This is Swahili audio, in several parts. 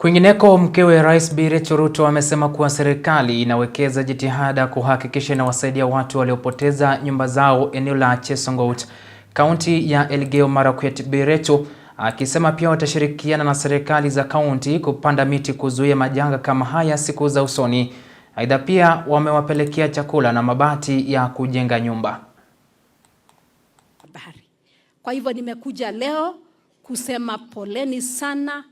Kwingineko, mkewe Rais Bi Rachel Ruto amesema kuwa serikali inawekeza jitihada kuhakikisha inawasaidia watu waliopoteza nyumba zao eneo la Chesongout, kaunti ya Elgeyo Marakwet. Bi Rachel akisema pia watashirikiana na serikali za kaunti kupanda miti kuzuia majanga kama haya siku za usoni. Aidha, pia wamewapelekea chakula na mabati ya kujenga nyumba. Kwa hivyo nimekuja leo kusema poleni sana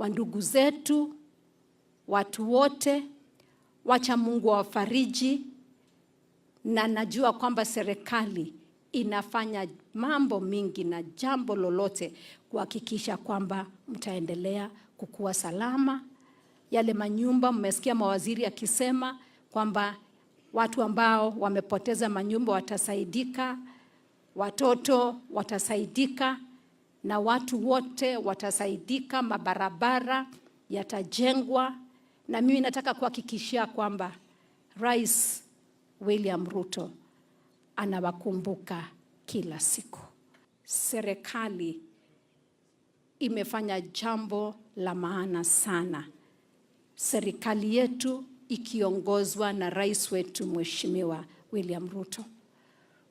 wa ndugu zetu, watu wote, wacha Mungu awafariji, na najua kwamba serikali inafanya mambo mingi na jambo lolote kuhakikisha kwamba mtaendelea kukuwa salama. Yale manyumba mmesikia mawaziri akisema kwamba watu ambao wamepoteza manyumba watasaidika, watoto watasaidika na watu wote watasaidika, mabarabara yatajengwa. Na mimi nataka kuhakikishia kwamba Rais William Ruto anawakumbuka kila siku. Serikali imefanya jambo la maana sana. Serikali yetu ikiongozwa na rais wetu Mheshimiwa William Ruto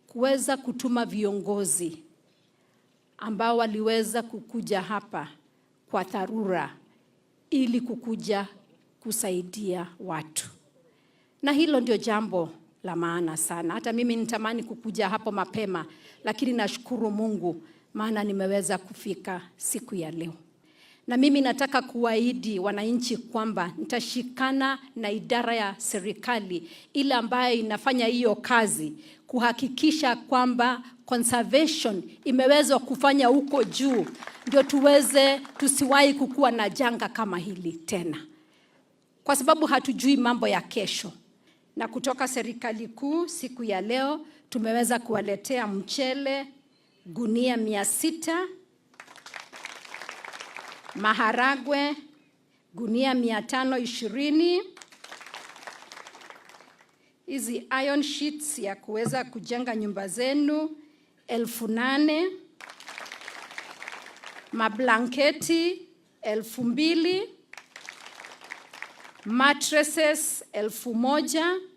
kuweza kutuma viongozi ambao waliweza kukuja hapa kwa dharura ili kukuja kusaidia watu, na hilo ndio jambo la maana sana. Hata mimi nitamani kukuja hapo mapema, lakini nashukuru Mungu maana nimeweza kufika siku ya leo. Na mimi nataka kuwaahidi wananchi kwamba nitashikana na idara ya serikali ile ambayo inafanya hiyo kazi kuhakikisha kwamba conservation imewezwa kufanya huko juu, ndio tuweze tusiwahi kukuwa na janga kama hili tena, kwa sababu hatujui mambo ya kesho. Na kutoka serikali kuu siku ya leo tumeweza kuwaletea mchele gunia mia sita maharagwe gunia 520 hizi iron sheets ya kuweza kujenga nyumba zenu elfu nane mablanketi elfu mbili mattresses 1000